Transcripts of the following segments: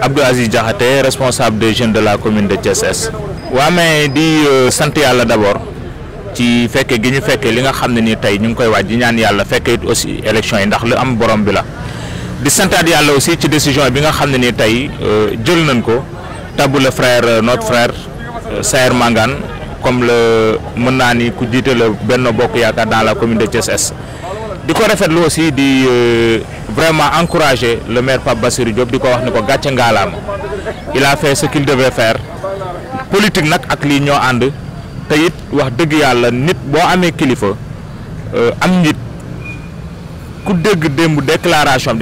Abdou Aziz Diakhaté responsable des jeunes de la commune de Thiès Est. waa mais di euh, sant yàlla d'abord ci fekkee gi ñu fekkee li nga xam ne nii tey ñu ngi koy waaj di ñaan yàlla fekke it aussi élection yi ndax lu am borom bi la. di santaat yàlla aussi ci décision bi nga xam ne nii tey euh, jël nañ ko tabb le frère euh, notre frère Saër Mangane comme le mën naa ni ku jiite la benn bokk yaakaar dans la commune de Thiès di ko rafetlu aussi di. vraiment encouragé le maire Pape Bassirou Diop il a fait ce qu'il devait faire politique nak ak li wax nit kilifa euh, am nit ku déclaration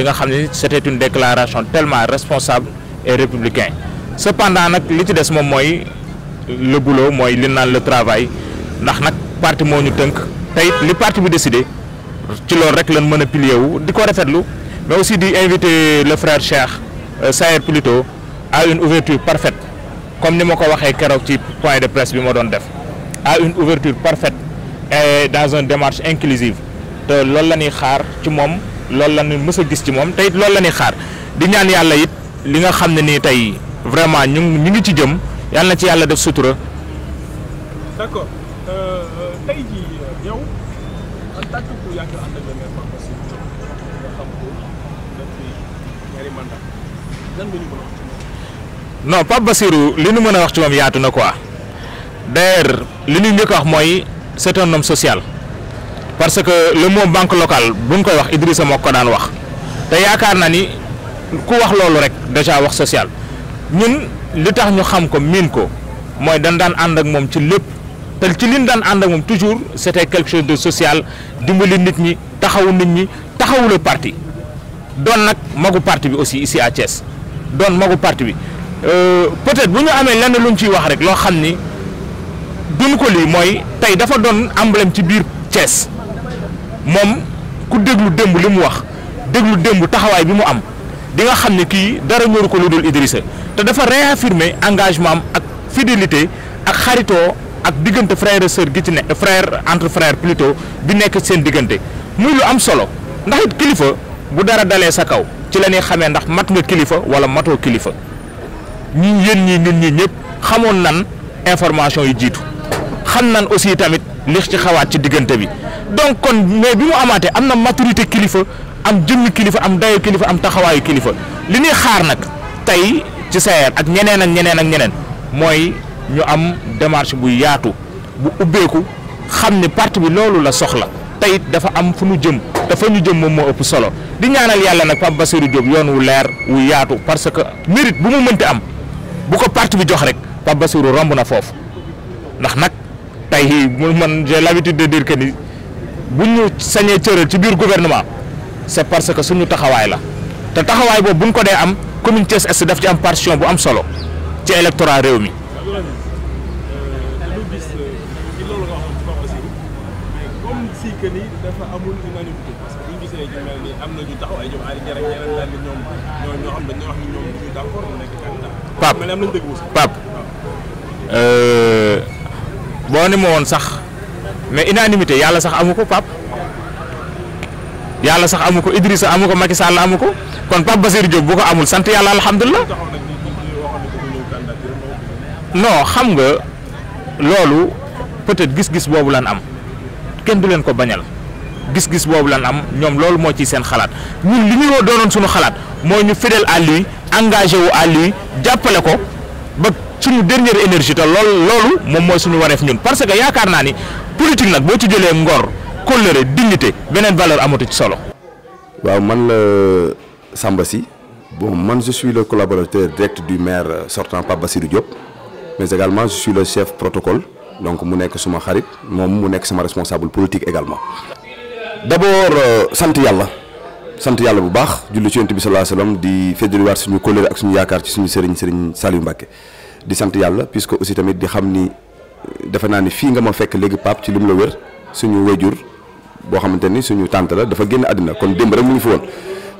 c'était une déclaration tellement responsable et républicain cependant nak li ci dess le boulot le travail ndax nak parti ñu parti bi décidé ci leur rek lañ mën a pilier wu di ko mais aussi di le frère Cheikh est euh, plutôt à une ouverture parfaite comme ni ma ko waxee keroog ci point de presse bi ma def à une ouverture parfaite et dans une démarche inclusive te loolu la ñuy xaar ci moom loolu la ñuy mës a gis ci moom te it loolu la ñuy xaar di ñaan yàlla it li nga xam ne nii tey vraiment ñu ñu ngi ci jëm yàlla na ci yàlla def sutura. d'accord. yàgg ànd ak le maire Pape non Pape basirou li nu mën a wax ci moom yaatu na quoi d'ailleurs li ñu ñëk wax moy c'est un homme social parce que le mot banque locale bu ñu koy wax Idrissa mo ko daan wax te yaakar na ni ku wax lolu rek déjà wax social ñun li tax ñu xam ko min ko moy dañ daan and ak mom ci lepp te ci li daan ànd ak moom toujours c'était quelque chose de sociale social dimbali nit ñi taxawu nit ñi taxawu la parti doon nag magu parti bi aussi ici à Thiès doon magu parti bi euh, peut-être bu ñu amee lenn lu ñu ciy wax rek loo xam ni duñ ko lii mooy tey dafa doon emblème ci biir Thiès moom ku déglu démb li mu wax déglu démb taxawaay bi mu am di nga xam ne kii dara ñoru ko lu dul Idrissa te dafa réaffirmer engagement ak fidélité ak xaritoo ak diggante frère et sœur gi ci ne frère entre frère plutôt bi nekk seen diggante muy lu am solo ndax kilifa bu dara dalee sa kaw ci la ñuy xamee ndax mat nga kilifa wala matoo kilifa ñi yéen ñii ñun ñi ñëpp xamoon nan information yu jiitu xam nan aussi tamit li ci xawaat ci diggante bi donc kon mais bi mu amaate am na maturité kilifa am jëmmi kilifa am dayo kilifa am taxawaayu kilifa li ñuy xaar nag tey ci sayeer ak ñeneen ak ñeneen ak ñeneen mooy ñu am démarche bu yaatu bu ubbeeku xam ne parti bi loolu la soxla tey dafa am fu ñu jëm dafa ñu jëm moom moo ëpp solo di ñaanal yàlla nag Pape Bassirou Diop yoon wu leer wu yaatu parce que mérite bu mu mënti am bu ko part bi jox rek Pape Bassirou romb na foofu ndax nag tey man j'ai l'habitude de dire que ni bu ñu sañee cëral ci biir gouvernement c'est parce que suñu taxawaay la te taxawaay boobu buñ ko dee am commune Thiès Est daf ci am partition bu am solo ci électorat réew mi que ni ni am sax mais unanimité yàlla sax amu ko Pape yàlla sax amu ko Idrissa amu ko Macky Sall ko kon Pape Basir Diop bu ko amul sant yàlla alhamdulilah. non xam nga loolu peut gis-gis boobu lan am. kenn du leen ko bañal gis-gis boobu lan am ñoom loolu moo ci seen xalaat ñun li ñu doonoon suñu xalaat mooy ñu fidèle à lui engagé wu à lui jàppale ko ba suñu dernière énergie te loolu loolu moom mooy suñu wareef ñun parce que yaakaar naa ni politique nag boo ci jëlee ngor colère dignité beneen valeur amatu ci solo. waaw man la euh, Samba Sy bon man je suis le collaborateur direct du maire euh, sortant Pape Bassirou Diop mais également je suis le chef protocole. donc mu nek suma xarit mom mu nek sama responsable politique également d'abord abord euh, sant yàlla sant bu baax julli ci bi alayhi wasallam di war suñu kóllëre ak suñu yaakaar ci suñu serigne serigne Saliou Mbacké di sant yalla puisque aussi tamit di xamni ni euh, nani fi nga ma fekk léegi pap ci lim la wër suñu wayjur bo xamanteni suñu tante la dafa genn adina kon demb rek mu ngi fi won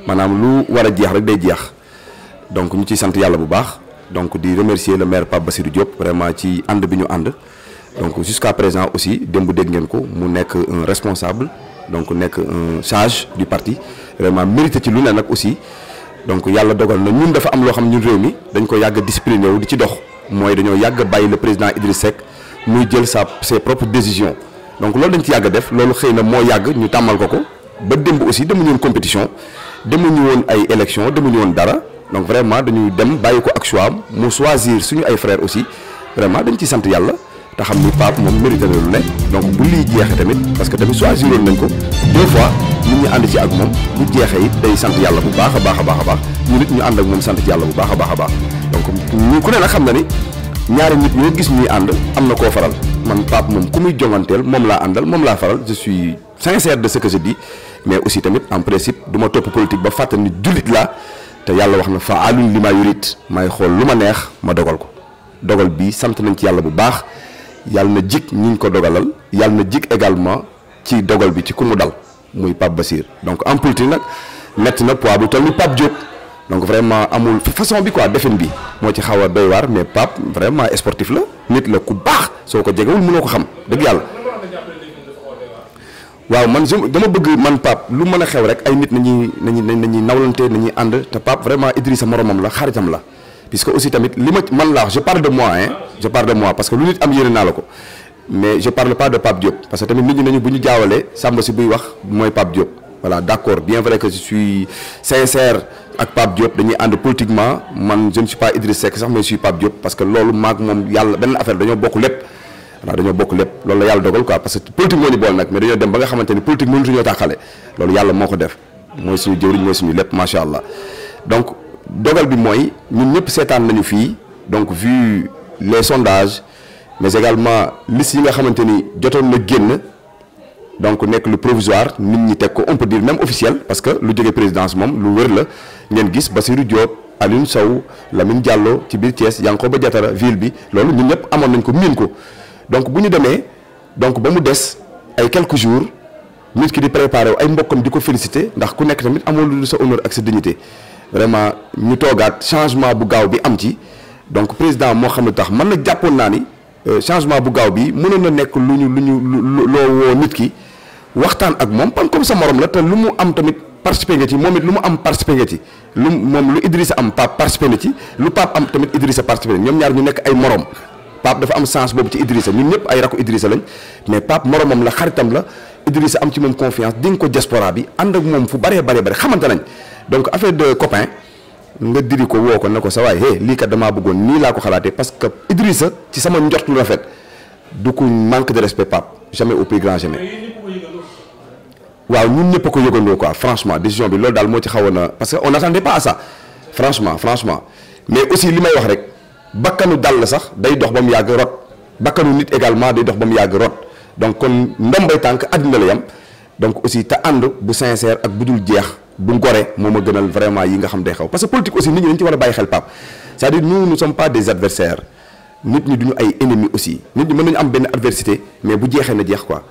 manam lu wara jeex rek day jeex donc ñu ci sant yalla bu baax donc di remercier le maire pap Bassirou Diop vraiment ci and biñu and donc jusqu'à présent aussi nous sommes un responsable donc un charge du parti vraiment mérité aussi donc nous dogal na ñun dafa am xam ñun dañ ko discipliné wu di ci dox le président Idriss Seck muy sa ses propres décisions donc nous dañ ci def de nous il ñu ko ko ba aussi compétition nous élection nous donc vraiment nous dem choisir frères aussi vraiment Nous ta xam ni pap mom mérité na lu ne donc bu li jeexee tamit parce que tamit won nañ ko deux fois ñu ñi and ci ak mom bu jeexee yi day sant yalla bu baaxa baaxa baaxa baax ñu nit ñu and ak mom sant yalla bu baaxa baaxa baax donc ñu ku ne la xam na ni ñaari nit ñu gis ñuy and amna ko faral man pap mom ku muy jonganteel mom la andal mom la faral je suis sincère de ce que je dis mais aussi tamit en principe duma top politique ba fàttali ni julit la te yalla wax na faalun lima ma may xol luma neex ma dogal ko dogal bi sant nañ ci yalla bu baax yàlla na jik ñu ñu ko dogalal yàlla na jik également ci dogal bi ci ku mu dal muy Pape Basir donc en nag metti na poids bu toll ni Pape Diop donc vraiment amul façon bi quoi defin bi moo ci xaw a doy mais Pape vraiment sportif la nit la ku baax soo ko jegewul mënoo ko xam dëgg yàlla. waaw man je dama bëgg man Pape lu mën a xew rek ay nit nañuy nañuy nañuy na nañuy ànd te Pape vraiment Idrissa moromam la xaritam la. puisque aussi tamit lima man la je parle de moi hein je parle de moi parce que lu nit am yéene nalako mais je parle pas de Pape Diop parce que tamit nit ñi nañu bu ñu Samba ci buy wax moy Pape Diop voilà d'accord bien vrai que je suis sincère ak Pape Diop dañuy and politiquement man je ne suis pas Idriss Seck sax mais je suis Pape Diop parce que lolu mak mom yalla ben affaire dañoo bokk lepp waaw dañoo bokk lépp loolu la yàlla dogal quoi parce que politique moo bol nak mais dañoo dem ba nga xamanteni politique mënutuñoo tàqale loolu lolu yalla moko def moy suñu jëwriñ moy suñu lepp machallah donc dogal bi moy ñun ñep sétane nañu fi donc vu les sondages mais également liste yi nga xamanteni jotone na génn donc nek le provisoire nit ñi tek ko on peut dire même officiel parce que lu jógee présidence mom lu wër la ngeen gis Bassirou Diop Alioune saw Lamine Diallo ci biir Thiès Yankhoba Diattara ville bi lolu ñun ñep amon nañ ko min ko donc buñu démé donc ba mu dess ay quelques jours nit ki di préparer ay mbokam diko féliciter félicité ndax ku nek tamit amul lu sa honneur ak sa dignité vraiment ñu toogaat changement bu gaaw bi am ci donc président moo xam ne tax man na jàppoon naa ni euh, changement bu gaaw bi mënoon na nekk lu ñu lu ñu loo woo nit ki waxtaan ak moom pan comme sa morom la te lu mu am tamit participé nga ci moom it lu mu am participé nga ci lu moom lu Idrissa am Pape participé na ci lu Pape am tamit Idrissa participé ñoom ñaar ñu nekk ay morom Pape dafa am sens boobu ci Idrissa ñun ñëpp ay rakku Idrissa lañ mais Pape moromam la xaritam la Idrissa am ci moom confiance di nga ko diaspora bi ànd ak moom fu bëree bëree bëri xamante nañ donc affaire de copain nga diri ko woo ko ne ko sa waay hé lii kat damaa bëggoon nii laa ko xalaatee parce que Idrissa ci sama njort lu rafet du ko manque de respect Pape jamais au plus grand jamais. waaw ñun ñëpp a ko yëgandoo quoi franchement décision bi loolu daal moo ci xawoon na parce que on n'attendait pas à ça franchement franchement mais aussi li may wax rek bakkanu dal la sax day dox ba mu yàgg rot bakkanu nit également day dox ba mu yàgg rot donc kon ndombay tànk àddina la yam donc aussi ta ànd bu sincère ak bu dul jeex bu ngoré moma gënal vraiment yi nga xam day xaw parce que politique aussi nit ñi dañ ci wara baye xel pap c'est-à-dire nous nous sommes pas des adversaires nit ñi duñu ay ennemis aussi nit ñi mën nañu am ben adversité mais bu jeexee na jeex quoi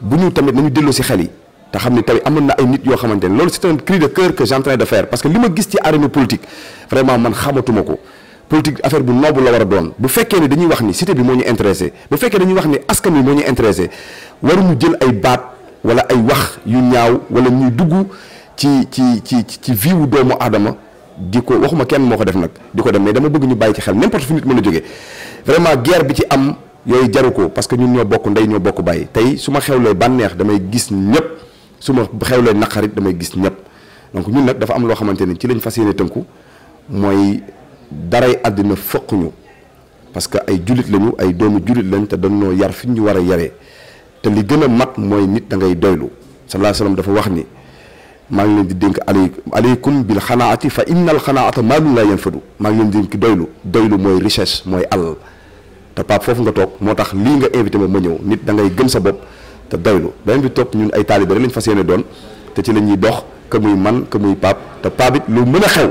bu ñu tamit nañu délo ci xel yi te xam ne tamit amoon na ay nit yo xamantene ne c'est un cri de cœur que j'en train de faire parce que lima gis ci arène politique vraiment man xamatuma ko politique affaire bu noble la war a doon bu fekkee ni dañuy wax ni cité bi moo ñu intéressé bu fekkee dañuy wax ni askan wi moo ñu intéressé waruñu jël ay baat wala ay wax yu ñaaw wala ñuy dugg ci ci ci ci viwu doomu aadama di ko waxuma kenn moo ko def nag di ko dem mais dama bëgg ñu bàyyi ci xel n'importe fu nit mën a jógee vraiment guerre bi ci am yooyu jaru ko parce que ñun ñoo bokk ndey ñoo bokk bàyyi tey su ma xewlee bànneex damay gis ñëpp su ma xewlee naqarit damay gis ñëpp donc ñun nag dafa am loo xamante ni ci lañ fas yéene tënku mooy daray àddina fëquñu parce que ay jullit lañu ay doomu jullit lañ te dañoo yar fi ñu war a yare te li gën a mat mooy nit da ngay doylu sallallahu alayhi dafa wax ni maa ngi leen di dénk alay aleykum bil xanaati fa innal xanaata lay laa yanfadu maa ngi leen di dénk doylu doylu mooy richesse mooy alal te Pape foofu nga toog moo tax lii nga invité ma ma ñëw nit da ngay gëm sa bopp te doylu beneen bi topp ñun ay taalibe rek lañ fas yéene doon te ci la ñuy dox que man que muy te Pape it lu mën a xew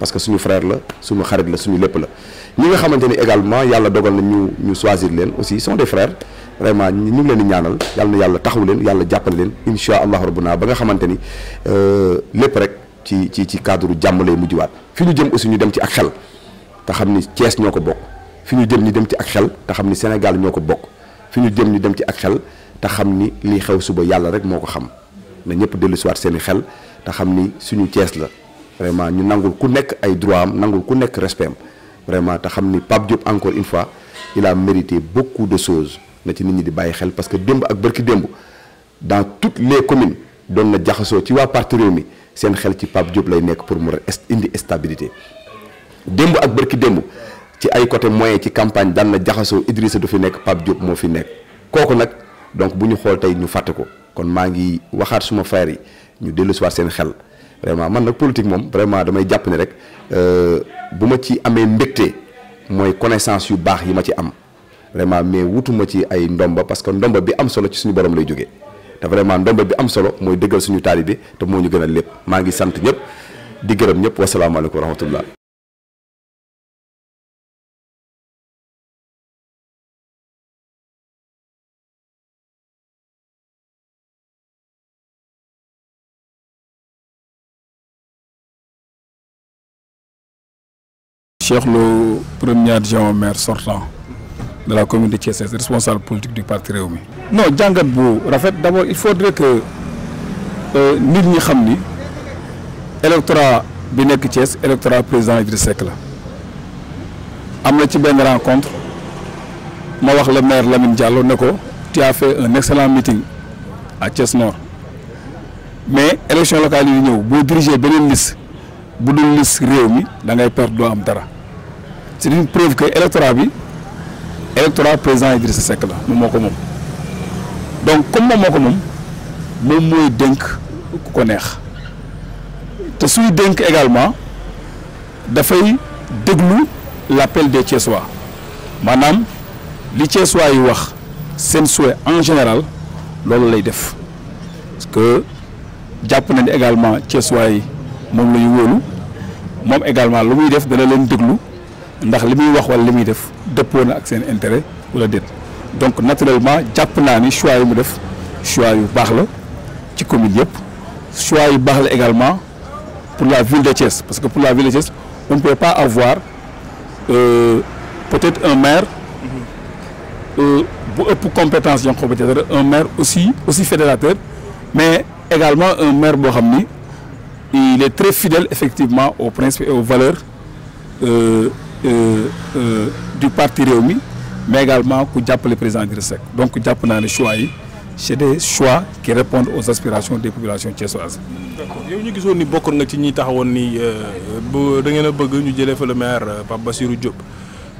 parce que nous frère frères, suñu xarit la suñu sommes la Nous nga également dogal na ñu choisir leen aussi sont des frères nous sommes ngi frères, di ñaanal des na yàlla taxaw leen frères, Nous leen des frères, rabbuna ba nga frères, Nous euh, lépp rek frères, ci cadre frères, des aussi ñu frères, nous ak xel nous sommes Thiès frères, frères, jëm dem ci ak xel Sénégal Nous frères, nous des jëm dem ci ak xel vraiment ñu nangul ku nekk ay droit am nangul ku nekk respect vraiment te xam ni Pape Diop encore une fois il a mérité beaucoup de choses na ci nit ñi di bàyyi xel parce que demb ak barki demb dans toutes les communes doon na jaxaso ci wa parti mi seen xel ci Pape Diop lay nekk pour mu indi stabilité demb ak barki demb ci ay côté moyen ci campagne dan na jaxaso Idrissa du fi nekk Pape Diop mo fi nekk kooku nak donc buñu xol tay ñu faté ko kon ma ngi waxat suma frère yi ñu dellusiwaat seen xel vraiment man nag politique moom vraiment damay jàpp ne rek euh, bu ma ci amee mbégte mooy connaissance yu baax yi ma ci am vraiment mais wutuma ci ay ndomba parce que ndomba bi am solo ci suñu borom lay jógee te vraiment ndomba bi am solo mooy dëggal suñu taalibe te moo ñu gën a lépp maa ngi sant ñëpp di gërëm ñëpp wasalaamaaleykum wa rahmatullah Cheikh le premier adjoint maire sortant de la commune de Thiès, responsable politique du parti Réumi. non je bu rafet D'abord, il faudrait que euh, nous ñi xam ni électorat bi nekk président du Seck la am A ci rencontre Moi, le maire Lamin Diallo a tu as fait un excellent meeting à Thiès Nord mais l'élection locale yi vous dirigez diriger beneen liste bu dul liste réew da ngay perdre c'est une preuve que électorat bi présent président Idrissa Seck la moom moo donc comme moom moo ko moom moom mooy ko neex te suy dénk également dafay déglu l'appel des Thiessois madame li Thiessois yi wax seen souhait en général loolu lay def parce que japonais na également Thiessois yi moom la ñu également lu muy def dana de déglu ndax li wax wala li def dëppoo ak seen intérêt wala déet donc naturellement jàpp naa ni choix yu mu def choix yu baax la ci commune yëpp choix yu baax la également pour la ville de Thiès parce que pour la ville de Thiès on ne peut pas avoir euh, peut-être un maire euh, bu ëpp compétence yon un maire aussi aussi fédérateur mais également un maire boo xam il est très fidèle effectivement aux principes et aux valeurs. Euh, euh, euh, du parti réew mais également ku jàppale président Idrissa Seck donc jàpp naa ne choix yi c'est des choix qui répondent aux aspirations des populations thiessoises. d'accord yow ñu gisoon ni bokkoon nga ci ñi taxawoon ni euh, bu da ngeen a bëgg ñu jëlee fa le maire Pape Bassirou Diop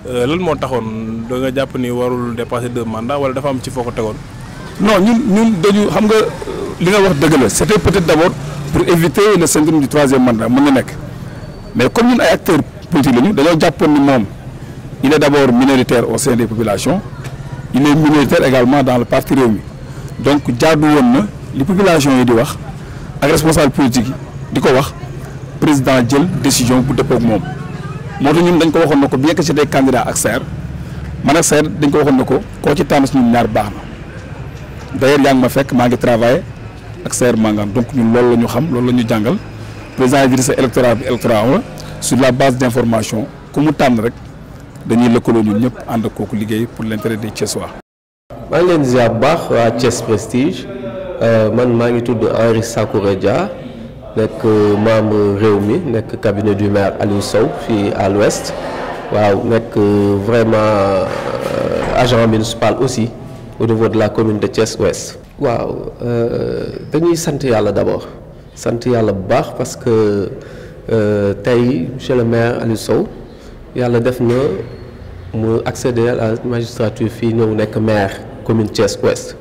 lan moo taxoon da nga jàpp ni warul dépasser deux mandats wala dafa am ci foo ko tegoon. non ñun ñun dañu xam nga li nga wax dëgg la c'était peut-être d'abord pour éviter le syndrome du troisième mandat mën na mais comme ñun ay acteurs politique la ñu ni il est d'abord minoritaire au sein des populations il est minoritaire également dans le parti Rewmi donc jaadu les populations li population yi di wax ak responsable politique yi di ko wax président jël décision pour dëppoo ak moom moo ñun dañ ko na ko bien que c'était candidat ak Serre man ak Serre dañ ko waxoon na ko koo ci tànn ñun ñaar baax na d'ailleurs yaa ngi ma fait maa ngi travaillé ak Serre donc ñun loolu la ñu xam loolu la ñu jàngal président Idrissa électorat électorat sur la base d'informations, comment ku mu tànn rek dañuy lëkkaloo ñun pour l'intérêt de des Je suis ngi leen à ziar bu baax Thiès Prestige euh, man suis ngi Henri Sakoureja, Dia nekk euh, membre le cabinet du maire Aliou Sow à l'ouest Je suis euh, vraiment agent municipal aussi au niveau de la commune de Thiès Ouest. waaw dañuy sant yàlla d'abord. abord sant parce que. Euh, tey chez le maire Aliou Sow yàlla def na mu accéder à la magistrature fii ñëw nekk maire commune Thiès Ouest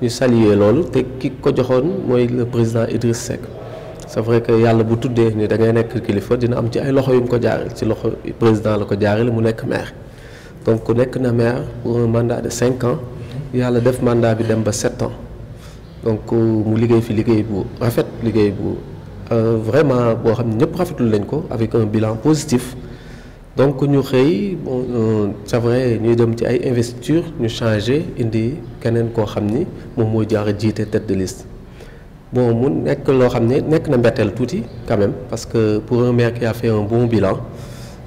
ñu saluer loolu te ki ko joxoon mooy le président Idriss Seck c'est vrai que yàlla bu tuddee ni da ngay nekk kilifa dina am ci ay loxo yu mu ko jaarale ci loxo président la ko jaarale mu nekk maire donc nekk na maire pour un mandat de 5 ans yàlla def mandat bi dem ba 7 ans donc mu liggéey fi liggéey bu rafet liggéey bu. Euh, vraiment bo xamni ñep ñëpp lañ ko avec un bilan positif donc ñu xey bon euh, c'est vrai ñu dem ci ay investiture ñu changer indi keneen ko xamni mom mo jaar tête de liste bon mu nek lo xamni nek na mbettel touti quand même parce que pour un maire qui a fait un bon bilan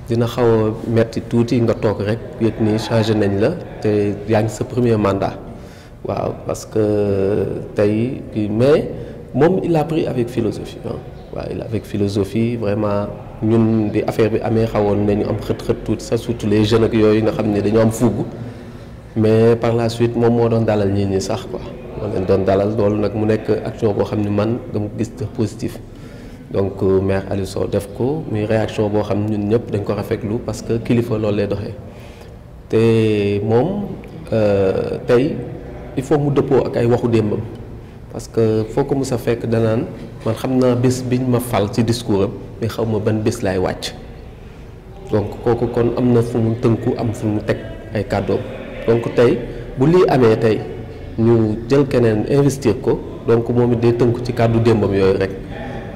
dina xaw metti touti nga tok rek yëg ni changé nañ la té yaa ngi sa premier mandat waaw parce que tay mais moom il a pris avec philosophie hein. ah waaw avec philosophie vraiment ñun des affaire bi amee xawoon nañu am xët-xët tuuti sax surtout les jeunes ak ont nga xam ne dañoo am mais par la suite moom moi dans dalal ligne, ñi sax quoi moo leen dans dalal loolu nag mu nekk action boo xam man donc gis positif donc euh, maire Aliou Sow def ko muy réaction boo xam ne ñun avec dañ ko parce que kilifa loolu lay doxee Et moom euh, tey il faut mu dëppoo ak ay waxu démbam parce que foo ko mos a fekk danaan man xam naa bés biñ ma fal ci discours am xaw ma ban bés laay wàcc donc kooku kon am na fu mu tënku am fu mu teg ay kàddoom donc tey bu lii amee tey ñu jël keneen investir ko donc moom it day tënku ci kàddu démbam yooyu rek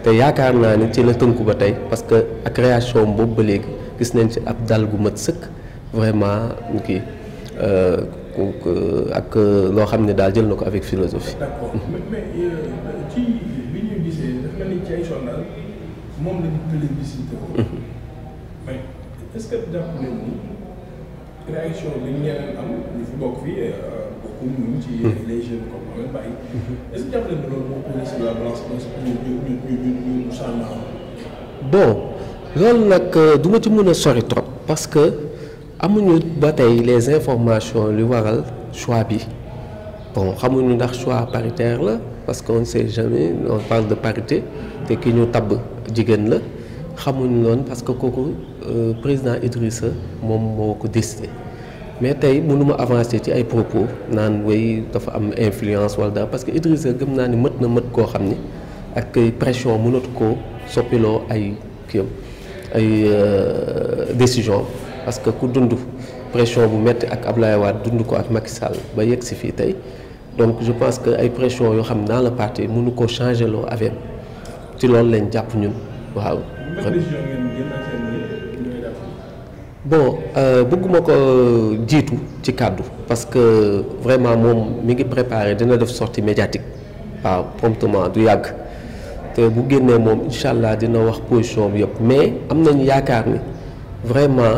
te yaakaar naa ni ci la tënku ba tey parce que ak création boobu ba léegi gis nañ ci ab dal gu mat sëkk vraiment kii. Euh, donc ak euh, lo xam ne jël nako avec philosophie. d'accord mais euh, ci bi ñu gisee daf mel ni ci ay sondage mom la ñu plébiscité woon. Mhm. mais est-ce que jàpp nañ ni réaction bi ñeneen am ni fi bok fi euh, beaucoup ñu ci mhm. les jeunes comme Ahmed bay mhm. est-ce que jàpp nañ loolu moo posé sur la balance ñu ñu ñu ñu ñu ñu bon loolu nag du ma ci mën a sori trop parce que amuñu ba tey les informations le waral choix bi bon xamuñu ndax choix paritaire la parce qu'on ne sait jamais on parle de parité et ki ñu tabb jigéen la non parce que le euh, président Idrissa a décidé mais nous nous avancer ci ay propos nous way dafa am influence parce que Idrissa a dit ni mët na mët pression mënatu koo soppiloo ay ay euh, décision parce que ku dund pression bu metti ak Ablaye Wade dund ko ak Macky Sall ba yegg si fii tey donc je pense que ay pression yoo xam dans le parti mënu ko changer loo avec ci loolu lañ jàpp ñun waaw. bon euh, bëgguma ko euh, jiitu ci kàddu parce que vraiment moom mi ngi préparé dina def sortie médiatique waaw promptement du yàgg te bu génnee moom incha allah dina wax position bi yëpp mais am nañu yaakaar ni vraiment.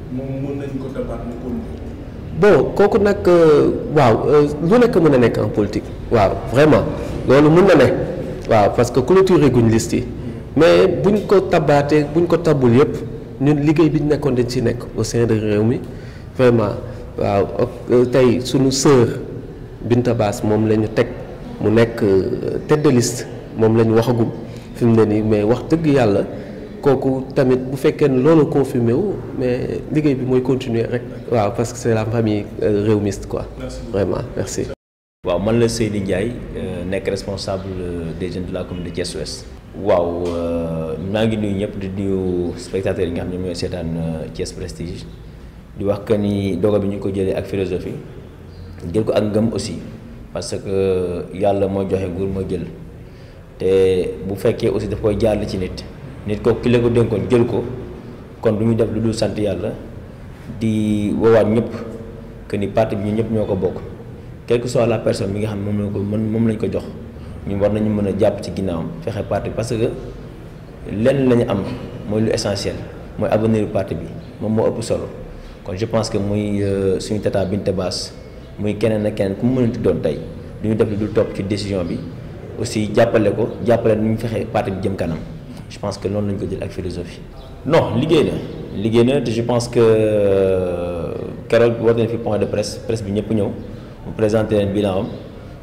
bon kooku nak euh, waaw euh, lu nek mëna a en politique waaw vraiment loolu mëna nek waaw parce que clôture guñ liste mais buñ ko tabaté buñ ko tabul yépp ñun liggéey biñ nekkoon dañ ci nekk au sein de réew mi vraiment waaw euh, tey suñu sœur Binta Bass moom la teg mu nekk tête de liste moom lañu waxagum fi mu ne nii mais wax dëgg yàlla kooku tamit bu fekkene lolu loolu confirmé wu mais liguey bi moy continuer rek waaw parce que c'est la famille euh, réwmiste quoi vraiment merci waaw man la Seydi Ndiaye euh, nek responsable euh, des jeunes de la commune de Thiès Ouest waaw maa ngi nuyu de di nuyu spectateurs yi nga xam ñoy sétane Thiès Prestige di wax que ni doga bi ñu ko jëlé ak philosophie jël ko ak ngëm aussi parce que yalla mo joxe nguur mo jël té bu fekké aussi daf koy jall ci nit nit ko ki la ko dénkoon jël ko kon du ñu def lu dul sant yàlla di woowaat ñëpp que ni parti bi ñu ñëpp ñoo ko bokk quelle que soit la personne bi nga xam ne moom lañ ko mën moom lañ ko jox ñu war nañu mën a jàpp ci ginnaawam fexe parti parce que lenn lañu am mooy lu essentiel mooy avenir parti bi moom moo ëpp solo kon je pense que muy euh, suñu tata Binta Bass muy keneen ak keneen ku mu mënati doon tey du ñu def lu dul topp ci décision bi aussi jàppale ko jàppale nu ñu fexe parti bi jëm kanam. je pense que non, lañ ko jël ak philosophie. non liggéey na na te je pense que Carole war nañ fi point de presse presse bi ñëpp ñëw mu présenté un bilan am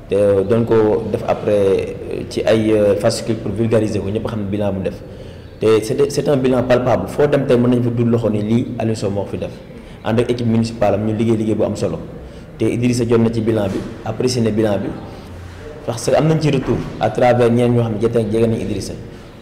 te doon ko def après euh, ci ay euh, fascicule pour vulgariser ko ñëpp xam un bilan bu def te c'est c'est un bilan palpable foo dem tey mën nañ fa dul loxo ni lii Aliou Sow fi def équipe municipale am ñu liggéey liggéey bu am solo te Idrissa jot na ci bilan bi c'est na bilan bi parce que am nañ ci retour à travers ñeen ñoo xam ne jotee Idrissa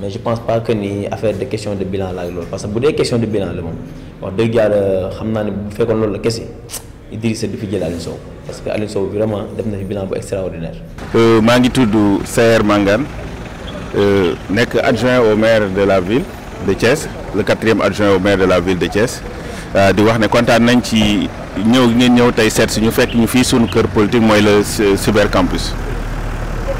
mais je pense pas que ni affaire de question de bilan parce que parce que bu questions question de bilan le monde. wax deug yaa xam naa bu fekkoon la kese Idrissa du fi jël parce que Aliou vraiment def na fi bilan bu extraordinaire. Euh, Mangitou ngi ser Mangan, Mangane euh, nek adjoint au maire de la ville de Thiès le quatrième adjoint au maire de la ville de Thiès euh, di wax ne kontaan nañ ci ñëw ngeen ñëw tey seet si ñu fekk ñu politique mooy le cyber campus.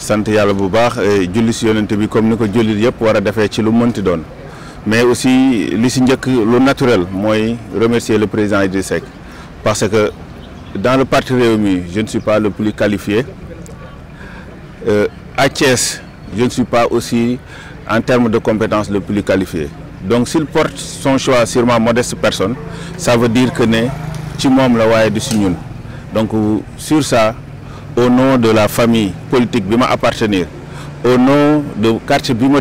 Santé yalla bu baax eh, julli que yonent bi comme niko jullit yëpp ci lu mais aussi li ci njëkk lu naturel moy remercier le président Idrissa parce que dans le parti réumi je ne suis pas le plus qualifié euh, je ne suis pas aussi en termes de compétences le plus qualifié donc s'il porte son choix sur ma modeste personne ça veut dire que né ci mom la waye du donc sur ça au nom de la famille politique bi ma appartenir au nom de quartier bi ma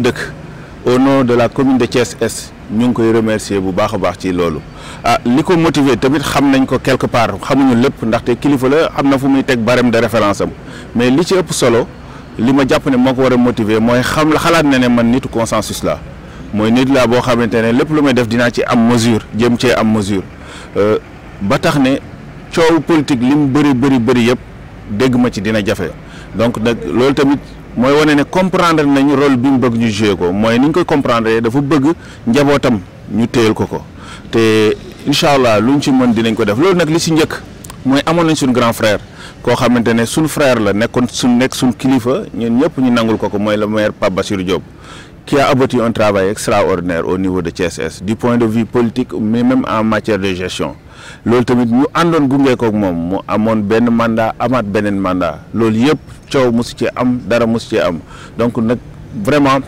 au nom de la commune de Thiès Est ñu ngi koy remercier bu baax a baax ci loolu ah li ko motiver tamit xam nañ ko quelque part xamuñu lépp ndaxte kilifa la am na fu muy teg barème de référence am mais li ci ëpp solo li ma jàpp ne moo ko war a motiver mooy xam xalaat na ne man nitu consensus la mooy nit laa boo xamante ne lépp lu may def dinaa ci am mesure jëm cee am mesure euh, ba tax ne coow politique li mu bëri bëri bëri dégg ma ci dina jafé donc nag loolu tamit on woné ne comprendre nañ rôle bi mu ñu joué ko moy niñ koy comprendre dafa bëgg njabootam ñu téyel ko ko te inshallah luñ ci mën dinañ ko def loolu nak li ci ñëk moy amon nañ sun grand frère ko nez ne frère la nekkoon sun nek sun kilifa ñun ñëpp ñu nangul ko ko moy le maire Pape job. qui a abouti un travail extraordinaire au niveau de CSS du point de vue politique mais même en matière de gestion loolu tamit ñu àndoon gunge koog moom mu amoon benn mandat amaat beneen màndaa loolu yëpp coow mosu ci am dara mosu ci am donc nag vraiment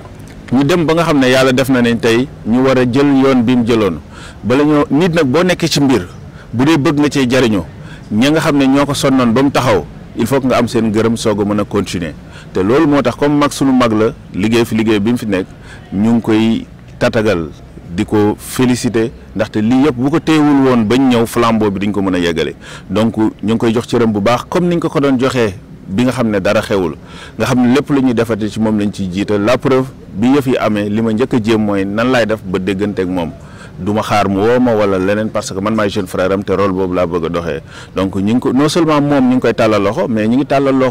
ñu dem ba nga xam ne yàlla def na ne tey ñu war a jël yoon bi mu jëloon bala ñoo nit nag boo nekkee ci mbir bu dee bëgg nga cee jariñoo ña nga xam ne ñoo ko sonnoon ba mu taxaw il faut que nga am seen gërëm soog a mën a continuer te loolu moo tax comme mag sunu mag la liggéey fi liggéey bi mu fi nekk ñu ngi koy tatagal di ko félicité ndaxte lii yëpp bu ko téewul woon bañ ñëw flambeau bi diñ ko mën a yeggale donc ñu ngi koy jox cëram bu baax comme niñ ko ko doon joxee bi nga xam ne dara xewul nga xam ne lépp lu ñuy defati ci moom lañ ciy jiital la preuve bi yëf yi amee li ma njëkk a jéem mooy nan laay def ba dégganteeg moom du ma xaar mu woo ma wala leneen parce que man maay jeune frère am te rôle boobu laa bëgg a doxee donc ñu ngi ko non seulement moom ñu ngi koy tàllal mais ñu ngi tàllal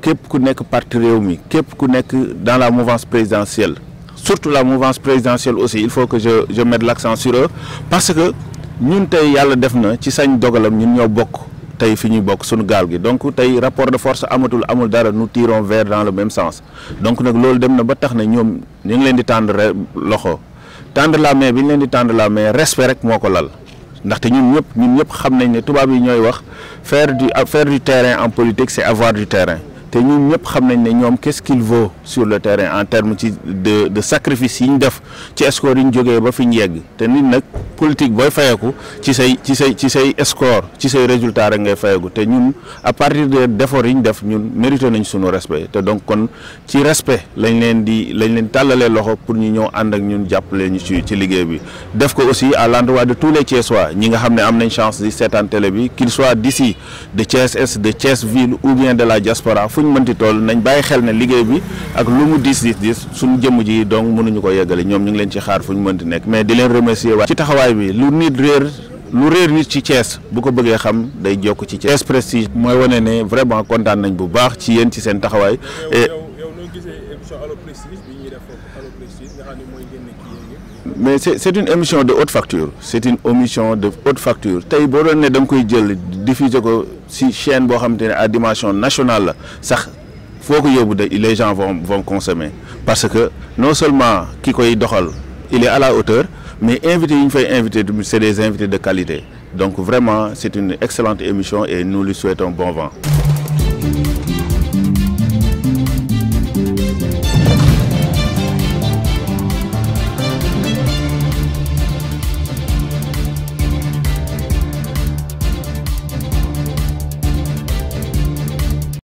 képp ku nekk parti réew mi képp ku nekk dans la mouvance présidentielle surtout la mouvance présidentielle aussi il faut que je je mette l'accent sur eux parce que ñun tey yàlla def na ci sañ dogalam ñun ñoo bokk tey fi ñuy bokk suñu gaal gi donc tey rapport de force amatul amul dara nous tirons vers dans le même sens donc nag loolu dem na ba tax na ñoom ñu ngi leen di tendre loxo tendre la main bi ñu leen di tendre la main respect rek moo ko lal ndaxte ñun ñëpp ñun ñëpp xam nañ ne tubaab yi ñooy wax faire du faire du terrain en politique c'est avoir du terrain te ñun ñëpp xam nañ ne ñoom qu'est-ce qu'il vaut sur le terrain en terme ci de de sacrifice yi def ci score yiñ ñu ba fi ñu yegg te nit nak politique boy fayeku ci say ci say ci say score ci say résultat rek ngay fayeku té ñun à partir de d'efforts yiñ def ñun mérité nañ suñu respect té donc kon ci respect lañ leen di lañ leen talalé loxo pour ñu ñëw and ak ñun jappalé ñu ci ci liggéey bi def ko aussi à l'endroit de tous les Thiessois ñi nga xamné am nañ chance di seetaan télé bi qu'il soit d'ici de Thiès Est de Thiès ville ou bien de la diaspora fuñ mënti tool nañ bàyyi xel ne liggéey bi ak lu mu diis diis diis suñ jëmm ji donc mënuñu ko yeggale ñoom ñu ngi leen ci xaar ñu mënti nekk mais di leen remercier waa ci taxawaay bi lu nit réer lu réer nit ci cees bu ko bëggee xam day jokk ci cees Prestige mooy wane ne vraiment kontaan nañ bu baax ci yéen ci seen taxawaay. et mais c'est une émission de haute facture c'est une émission de haute facture tay bo chaîne bo a à dimension nationale il faut que les gens vont consommer parce que non seulement ki koy il est à la hauteur mais invité une invité c'est des invités de qualité donc vraiment c'est une excellente émission et nous lui souhaitons bon vent.